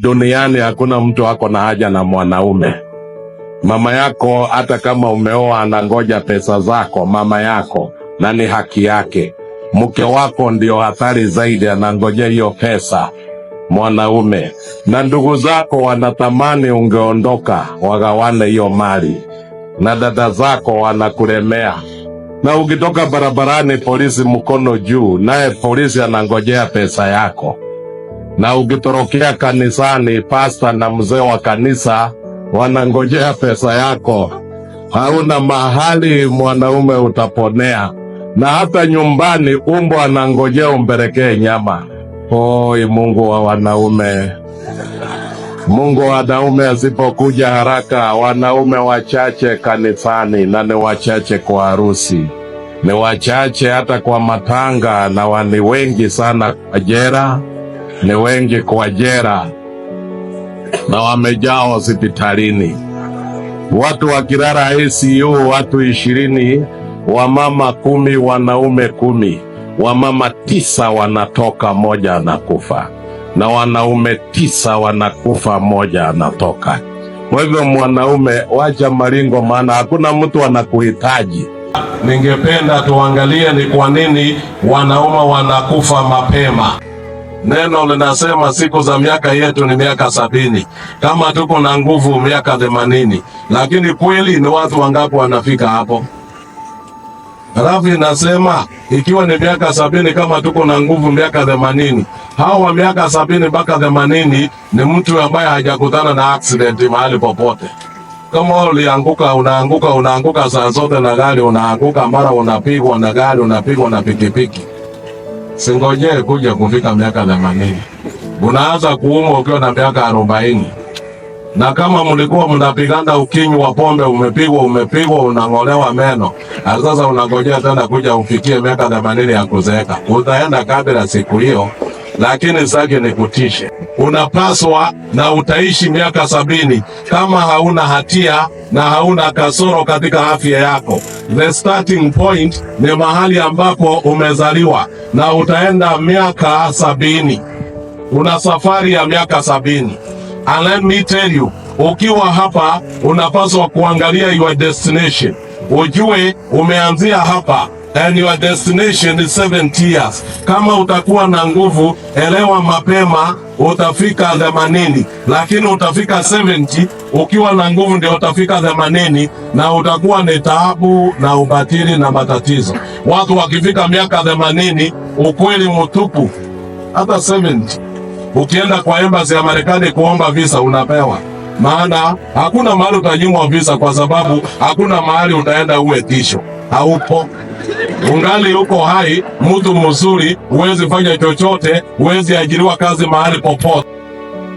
duniani hakuna mtu ako na haja na mwanaume. Mama yako hata kama umeoa, anangoja pesa zako, mama yako, na ni haki yake. Mke wako ndio hatari zaidi, anangoja hiyo pesa mwanaume. Na ndugu zako wanatamani ungeondoka wagawane hiyo mali, na dada zako wanakulemea na ukitoka barabarani, polisi mkono juu, naye polisi anangojea pesa yako na ukitorokea kanisani, pasta na mzee wa kanisa wanangojea pesa yako. Hauna mahali mwanaume utaponea, na hata nyumbani umbo anangojea umpelekee nyama. oi Mungu wa wanaume! Mungu wa wanaume asipokuja haraka, wanaume wachache kanisani, na ni wachache kwa harusi, ni wachache hata kwa matanga, na wani wengi sana kwa jera ni wengi kwa jera na wamejaa hospitalini, watu kirara ICU, watu ishirini, wamama kumi, wanaume kumi, wamama tisa wanatoka, moja anakufa, na wanaume tisa wanakufa, moja anatoka. Kwa hivyo mwanaume, wacha maringo, maana hakuna mtu anakuhitaji. Ningependa tuangalie ni kwa nini wanaume wanakufa mapema. Neno linasema siku za miaka yetu ni miaka sabini, kama tuko na nguvu miaka themanini, lakini kweli ni watu wangapi wanafika hapo? Halafu inasema ikiwa ni miaka sabini, kama tuko na nguvu miaka themanini, hao wa miaka sabini mpaka themanini ni mtu ambaye hajakutana na aksidenti mahali popote. Kama ulianguka, unaanguka, unaanguka saa zote na gari, unaanguka mara, unapigwa na gari, unapigwa na pikipiki Singojee kuja kufika miaka themanini. Unaanza kuumwa ukiwa na miaka arobaini, na kama mlikuwa mnapigana ukinywi wa pombe, umepigwa umepigwa, unang'olewa meno, sasa unangojea tena kuja ufikie miaka themanini ya kuzeeka, utaenda kabila siku hiyo. Lakini saki nikutishe unapaswa na utaishi miaka sabini kama hauna hatia na hauna kasoro katika afya yako. The starting point ni mahali ambapo umezaliwa na utaenda miaka sabini. Una safari ya miaka sabini. And let me tell you, ukiwa hapa unapaswa kuangalia your destination, ujue umeanzia hapa and your destination is 70 years. Kama utakuwa na nguvu, elewa mapema utafika 80, lakini utafika 70 ukiwa na nguvu, ndio utafika 80, na utakuwa ni taabu na ubatili na matatizo. Watu wakifika miaka 80, ukweli mtupu, hata 70. Ukienda kwa embassy ya Marekani kuomba visa unapewa maana hakuna mahali utanyimwa visa, kwa sababu hakuna mahali utaenda uwe tisho, haupo ungali uko hai, mtu mzuri, huwezi fanya chochote, huwezi ajiriwa kazi mahali popote.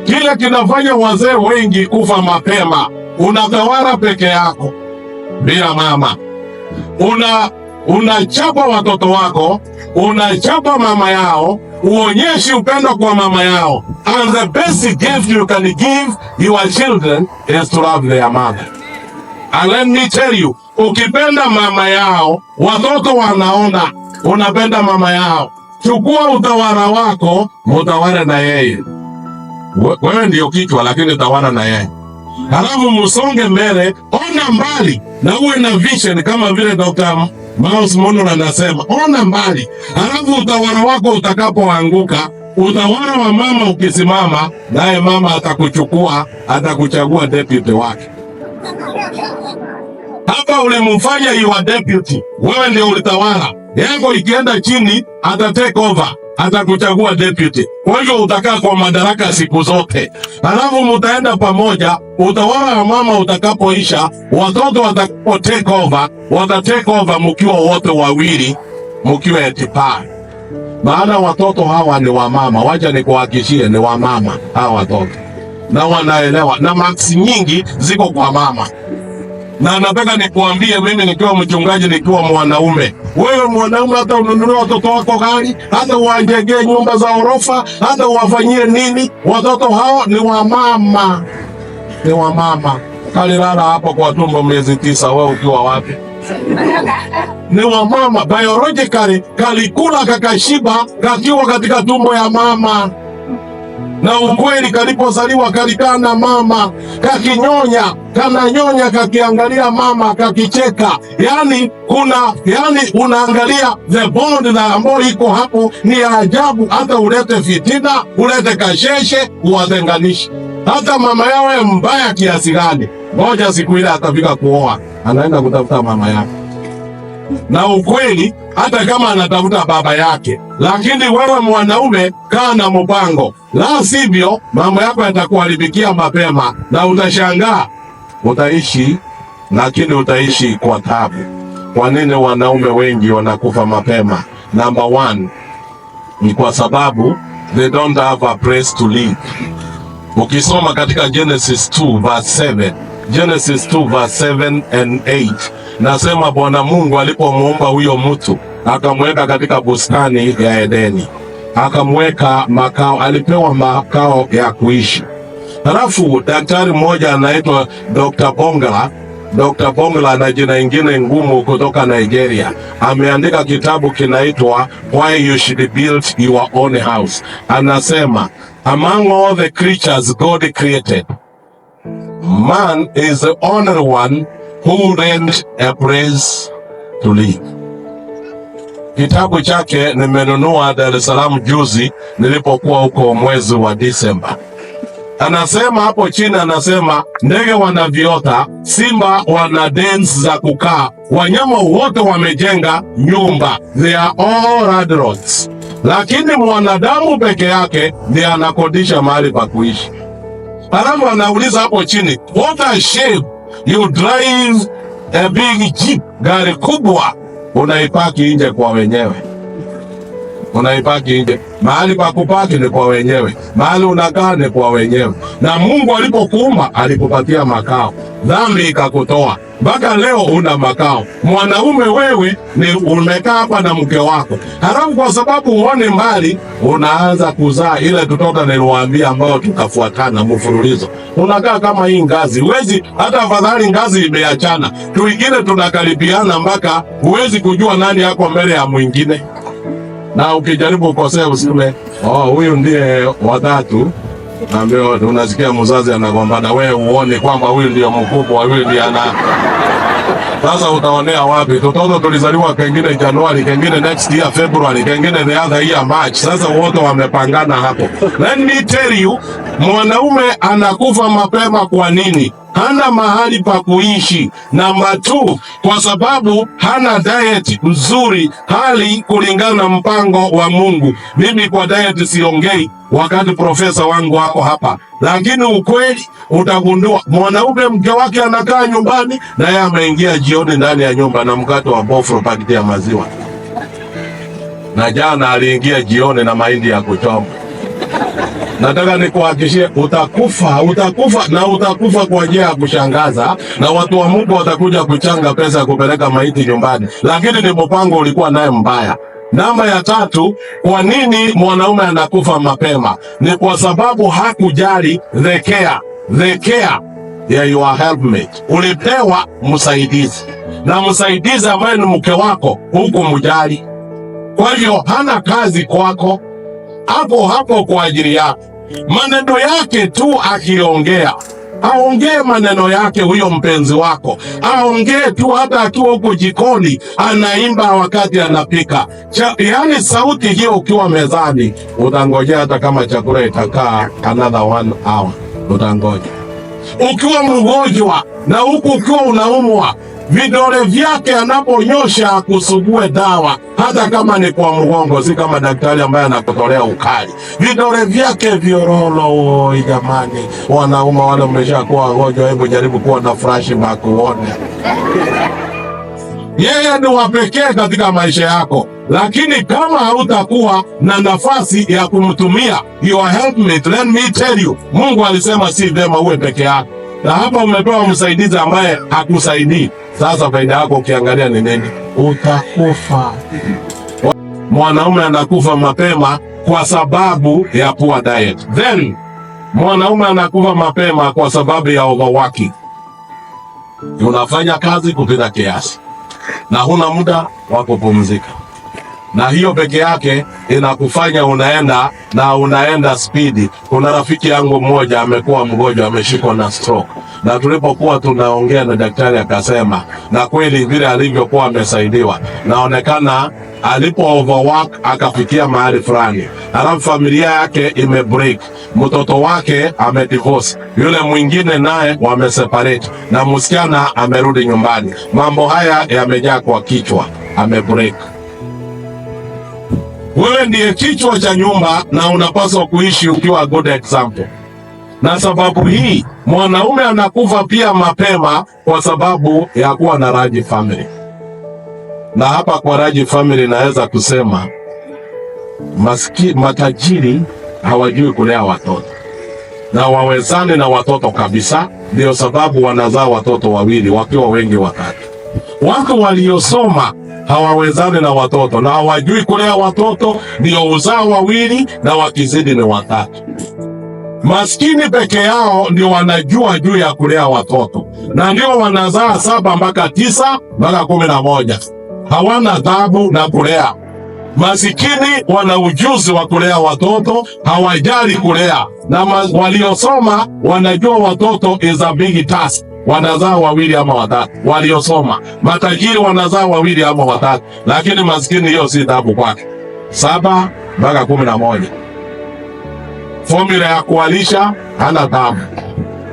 Kile kinafanya wazee wengi kufa mapema, unatawala peke yako bila mama, una unachapa watoto wako, unachapa mama yao, uonyeshi upendo kwa mama yao. And the best gift you can give your children is to love their mother. And let me tell you, ukipenda mama yao watoto wanaona unapenda mama yao. Chukua utawara wako, mutaware na yeye. Wewe ndio kichwa, lakini utawara na yeye, halafu musonge mbele. Ona mbali na uwe na vision, kama vile Dr. Miles Monroe anasema, ona mbali, halafu utawara wako utakapoanguka utawara wa mama ukisimama, naye mama atakuchukua, atakuchagua deputy wake. Hapa ulimufanya your deputy, wewe ndio ulitawala. Yako ikienda chini, ata take over, atakuchagua deputy. Kwa hivyo utakaa kwa madaraka siku zote, halafu mutaenda pamoja. Utawala wa mama utakapoisha, watoto watakapo take over, wata take over mukiwa wote wawili, mukiwa etipa. Maana watoto hawa ni wa mama, wacha nikuhakishie, ni wa mama hawa watoto na wanaelewa, na maksi nyingi ziko kwa mama. Na nataka nikuambie mimi nikiwa mchungaji, nikiwa mwanaume, wewe mwanaume, hata ununulie watoto wako gari, hata uwajengee nyumba za orofa, hata uwafanyie nini, watoto hao ni wamama, ni wamama. Kalilala hapo kwa tumbo miezi tisa, wewe ukiwa wapi? ni wa mama biologically, kalikula kakashiba kakiwa katika tumbo ya mama na ukweli kalipozaliwa kalikana mama, kakinyonya, kananyonya, kakiangalia mama, kakicheka. Yani kuna yani unaangalia the bond na ambayo iko hapo ni ya ajabu, hata ulete fitina, ulete kasheshe, uwatenganishe hata mama yawe mbaya kiasi gani. moja siku ile atafika kuoa, anaenda kutafuta mama yake na ukweli, hata kama anatafuta baba yake. Lakini wewe mwanaume, kaa na mpango, la sivyo mambo yako yatakuharibikia mapema, na utashangaa utaishi, lakini utaishi kwa tabu. Kwa nini wanaume wengi wanakufa mapema? Number one ni kwa sababu they don't have a place to live. Ukisoma katika Genesis 2 verse 7 Genesis 2 verse 7 and 8, nasema Bwana Mungu alipomuumba huyo mtu akamweka katika bustani ya Edeni, akamweka makao, alipewa makao ya kuishi. Halafu daktari mmoja anaitwa Dr. Bongla Dr. Bongla na jina ingine ngumu kutoka Nigeria ameandika kitabu kinaitwa Why You Should Build Your Own House. Anasema among all the creatures God created Man is the only one who rent a place to live. Kitabu chake nimenunua Dar es Salaam juzi nilipokuwa huko mwezi wa Disemba. Anasema hapo chini, anasema ndege wana viota, simba wana dance za kukaa, wanyama wote wamejenga nyumba, they are all landlords, lakini mwanadamu peke yake ndiye anakodisha mahali pa kuishi. Halafu anauliza hapo chini, what a shame you drive a big jeep, gari kubwa unaipaki nje kwa wenyewe unaipaki nje. Mahali pa kupaki ni kwa wenyewe, mahali unakaa ni kwa wenyewe. Na Mungu alipokuumba alikupatia makao, dhambi ikakutoa mpaka leo una makao. Mwanaume wewe ni umekaa hapa na mke wako, halafu kwa sababu uone mbali unaanza kuzaa ile tutoka niliwaambia, ambayo tukafuatana mfululizo. Unakaa kama hii ngazi, huwezi hata, afadhali ngazi imeachana, tuingine tunakaribiana mpaka huwezi kujua nani yako mbele ya mwingine na ukijaribu ukosea useme oh, huyu ndiye watatu na unasikia mzazi anagombana, wewe uone kwamba huyu ndio mkubwa, huyu ndio ana. Sasa utaonea wapi? Tutoto tulizaliwa kengine Januari, kengine next year February, kengine the other year March. Sasa wote wamepangana hapo. Let me tell you, mwanaume anakufa mapema kwa nini? hana mahali pa kuishi. Namba tu, kwa sababu hana diet nzuri, hali kulingana na mpango wa Mungu. Mimi kwa diet siongei wakati profesa wangu wako hapa, lakini ukweli utagundua mwanaume mke wake anakaa nyumbani, naye ameingia jioni ndani ya nyumba na mkate wa bofro, pakiti ya maziwa, na jana aliingia jioni na mahindi ya kuchoma. Nataka nikuhakishie utakufa, utakufa na utakufa kwa njia ya kushangaza, na watu wa Mungu watakuja kuchanga pesa ya kupeleka maiti nyumbani, lakini ni mpango ulikuwa naye mbaya. Namba ya tatu, kwa nini mwanaume anakufa mapema? Ni kwa sababu hakujali the care, the care ya your helpmate. Ulipewa msaidizi na msaidizi ambaye ni mke wako mujali kwa hivyo hana kazi kwako hapo hapo kwa ajili yako. Maneno yake tu akiongea aongee maneno yake, huyo mpenzi wako aongee tu, hata akiwa huko jikoni anaimba wakati anapika Cha, yani sauti hiyo, ukiwa mezani utangojea, hata kama chakula itakaa another one hour utangoja, ukiwa mgonjwa na huku ukiwa unaumwa vidole vyake anaponyosha kusugue dawa, hata kama ni kwa mgongo, si kama daktari ambaye anakutolea ukali. Vidole vyake vyororo. Jamani, wanauma wale, mmeshakuwa wagonjwa, hebu jaribu kuwa na frashi makuone. yeye ni wa pekee katika maisha yako, lakini kama hautakuwa na nafasi ya kumtumia your helpmate, let me tell you, Mungu alisema si vema uwe peke yako na hapa umepewa msaidizi ambaye hakusaidii. Sasa faida yako ukiangalia ni nini? Utakufa. Mwanaume anakufa mapema kwa sababu ya poor diet, then mwanaume anakufa mapema kwa sababu ya overworking. Unafanya kazi kupita kiasi na huna muda wa kupumzika na hiyo peke yake inakufanya unaenda na unaenda spidi. Kuna rafiki yangu mmoja amekuwa mgonjwa, ameshikwa na stroke, na tulipokuwa tunaongea na daktari akasema, na kweli vile alivyokuwa amesaidiwa, naonekana alipo overwork akafikia mahali fulani, alafu familia yake imebreak, mtoto wake amedivorce, yule mwingine naye wameseparate, na msichana amerudi nyumbani. Mambo haya yamejaa kwa kichwa, amebreak wewe ndiye kichwa cha nyumba na unapaswa kuishi ukiwa good example. Na sababu hii mwanaume anakufa pia mapema kwa sababu ya kuwa na Raji family. Na hapa kwa Raji family naweza kusema maski, matajiri hawajui kulea watoto na wawezane na watoto kabisa, ndio sababu wanazaa watoto wawili wakiwa wengi watatu. Watu waliosoma hawawezani na watoto na hawajui kulea watoto, ndio uzao wawili na wakizidi ni watatu. Maskini peke yao ndio wanajua juu ya kulea watoto, na ndio wanazaa saba mpaka tisa mpaka kumi na moja. Hawana dhabu na kulea. Masikini wana ujuzi wa kulea watoto, hawajali kulea, na waliosoma wanajua watoto is a big task wanazaa wawili ama watatu, waliosoma. Matajiri wanazaa wawili ama watatu, lakini maskini, hiyo si tabu kwake. Saba mpaka kumi na moja fomula ya kualisha hana tabu.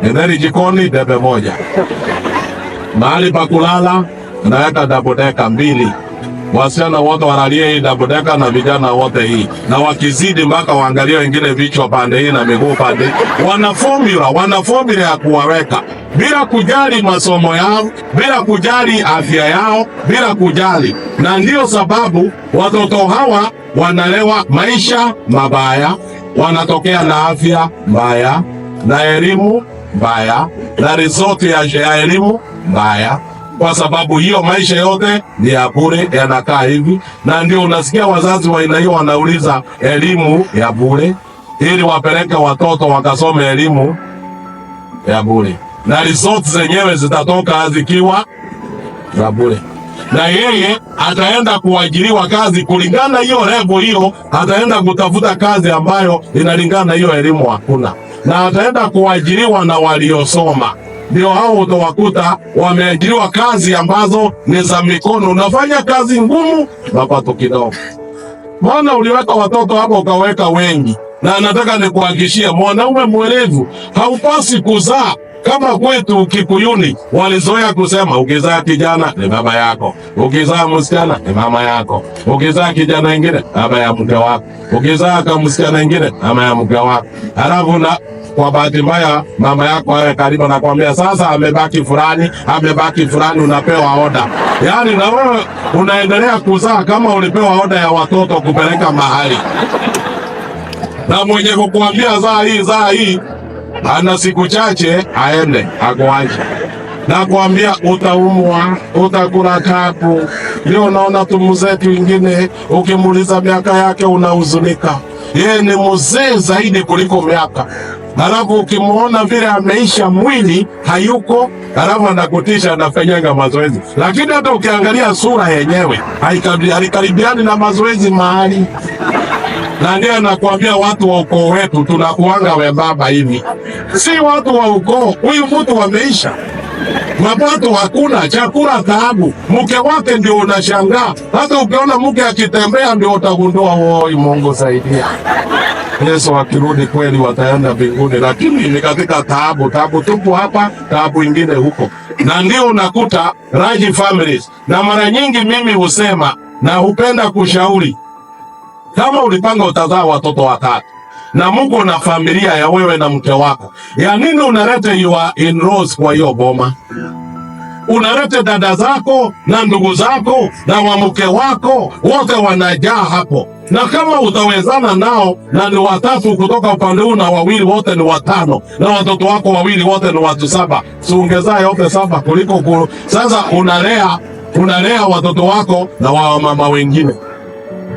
Endeni jikoni, debe moja. Mahali pa kulala naweka dabodeka mbili. Wasichana wote wanalia hii dabudeka na vijana wote hii, na wakizidi mpaka waangalie wengine vichwa pande hii na miguu pande hii. Wana wana ya kuwaweka bila kujali masomo yao, bila kujali afya yao, bila kujali. Na ndiyo sababu watoto hawa wanalewa maisha mabaya, wanatokea na afya mbaya na elimu mbaya na risoti ya elimu mbaya kwa sababu hiyo maisha yote ni ya bure, yanakaa hivi, na ndio unasikia wazazi wa aina hiyo wanauliza elimu ya bure ili wapeleke watoto wakasome elimu ya bure na resort zenyewe zitatoka zikiwa za bure, na yeye ataenda kuajiriwa kazi kulingana hiyo level hiyo, ataenda kutafuta kazi ambayo inalingana hiyo elimu hakuna, na ataenda kuajiriwa na waliosoma. Ndio hao utawakuta wameajiriwa kazi ambazo ni za mikono, unafanya kazi ngumu, mapato kidogo. Mbona uliweka watoto hapo ukaweka wengi? Na nataka nikuhakishie, mwanaume mwerevu haupasi kuzaa kama kwetu Kikuyuni walizoea kusema ukizaa kijana ni baba yako, ukizaa msichana ni mama yako, ukizaa kijana ingine baba ya mke wako, ukizaa ka msichana ingine mama ya mke wako, halafu na kwa bahati mbaya mama yako awe karibu, nakwambia sasa, amebaki fulani, amebaki fulani, unapewa oda. Yaani na wewe unaendelea kuzaa kama ulipewa oda ya watoto kupeleka mahali, na mwenye kukuambia zaa hii, zaa hii ana siku chache aende akuache na kuambia utaumwa, utakula kapu. Ndio naona tu mzetu wingine, ukimuuliza miaka yake unahuzunika. Yeye ni mzee zaidi kuliko miaka, alafu ukimuona vile ameisha mwili hayuko, alafu anakutisha, anafanyanga mazoezi, lakini hata ukiangalia sura yenyewe haikaribiani na mazoezi mahali na ndio nakuambia watu wa ukoo wetu tunakuanga wembamba hivi, si watu wa ukoo. Huyu mtu wameisha mapato hakuna, chakula taabu, mke wake ndio unashangaa. Hata ukiona mke akitembea ndio utagundua woi, Mungu saidia. Yesu akirudi kweli wataenda mbinguni, lakini ni katika taabu. Taabu tupu hapa, taabu ingine huko, na ndio unakuta large families. Na mara nyingi mimi husema na hupenda kushauri kama ulipanga utazaa watoto watatu na Mungu na familia ya wewe na mke wako, ya nini unarete your in-laws kwa hiyo boma? unarete dada zako na ndugu zako na wamuke wako wote wanajaa hapo, na kama utawezana nao na ni watatu kutoka upande huu na wawili wote ni watano, na watoto wako wawili wote ni watu saba, siungezaa yote saba kuliko kuru. Sasa unalea unalea watoto wako na mama wengine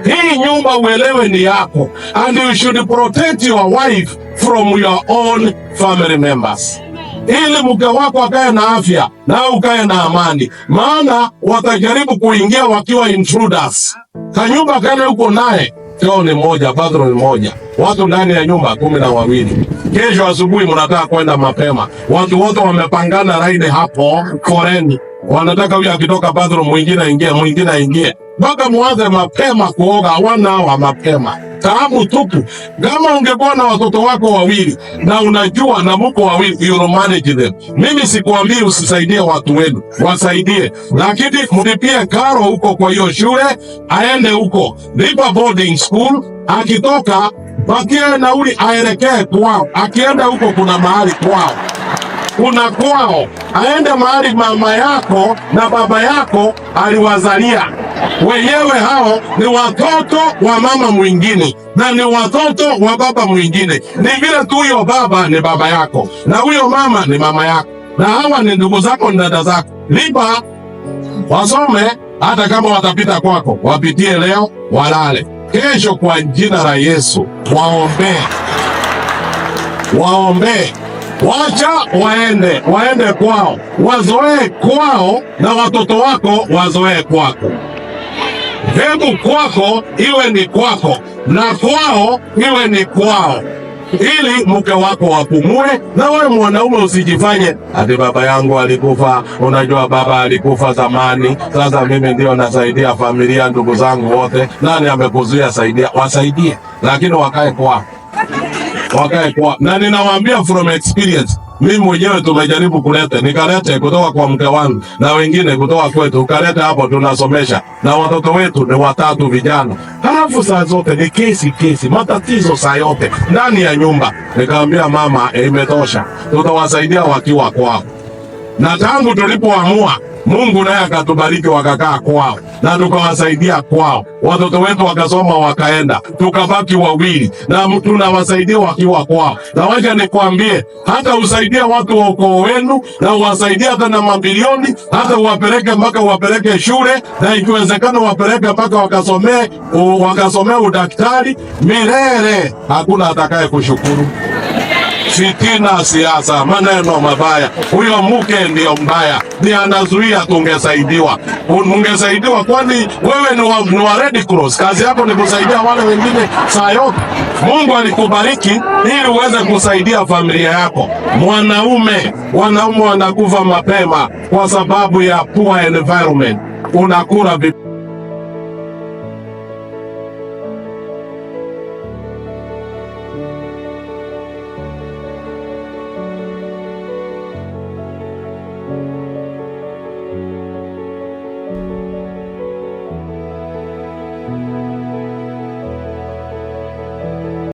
hii nyumba uelewe ni yako, and you should protect your wife from your own family members ili mke wako akae na afya na ukae na amani, maana watajaribu kuingia wakiwa intruders. Kanyumba kale uko naye choo ni moja, bathroom moja, watu ndani ya nyumba kumi na wawili. Kesho asubuhi mnataka kwenda mapema, watu wote wamepangana raide hapo foreni, wanataka huyu akitoka bathroom mwingine aingie, mwingine aingie mpaka mwanze mapema kuoga, wana wa mapema taabu tupu. Kama ungekuwa na watoto wako wawili na unajua na muko wawili, you manage them. Mimi sikuambii usisaidie watu wenu, wasaidie, lakini mlipie karo huko kwa hiyo shule, aende huko, lipa boarding school. Akitoka pakie nauli, aelekee kwao. Akienda huko, kuna mahali kwao kuna kwao, aende mahali mama yako na baba yako aliwazalia wenyewe hao ni watoto wa mama mwingine na ni watoto wa baba mwingine. Ni vile tu huyo baba ni baba yako na huyo mama ni mama yako, na hawa ni ndugu zako, ni dada zako. Lipa wasome, hata kama watapita kwako, wapitie leo, walale kesho. Kwa jina la Yesu waombee, waombee Wacha waende waende kwao, wazoee kwao, na watoto wako wazoee kwako. Hebu kwako iwe ni kwako na kwao iwe ni kwao, ili mke wako wapumue. Na wewe mwanaume usijifanye ati baba yangu alikufa, unajua baba alikufa zamani, sasa mimi ndio nasaidia familia, ndugu zangu wote. Nani amekuzuia? Saidia, wasaidie, lakini wakae kwao, wakae kwao, na ninawaambia from experience mimi mwenyewe tumejaribu kuleta, nikalete kutoka kwa mke wangu na wengine kutoka kwetu, ukalete hapo, tunasomesha na watoto wetu ni watatu vijana. Halafu saa zote ni kesi kesi, matatizo saa yote ndani ya nyumba. Nikamwambia mama, eh, imetosha, tutawasaidia wakiwa kwao na tangu tulipoamua Mungu naye akatubariki, wakakaa kwao na tukawasaidia kwao, watoto wetu wakasoma wakaenda, tukabaki wawili na tunawasaidia wakiwa kwao. Na wacha nikwambie, hata usaidia watu wa ukoo wenu na uwasaidie hata na mabilioni, hata uwapeleke mpaka uwapeleke shule, na ikiwezekana uwapeleke mpaka wakasomee wakasomee udaktari milele. Hakuna atakaye kushukuru fitina, siasa, maneno mabaya. Huyo mke ndiyo mbaya, ni anazuia. Tungesaidiwa, ungesaidiwa, kwani wewe ni wa, ni wa Red Cross, kazi yako ni kusaidia wale wengine saa yote. Mungu alikubariki ili uweze kusaidia familia yako. Mwanaume, wanaume wanakufa mapema kwa sababu ya poor environment, unakula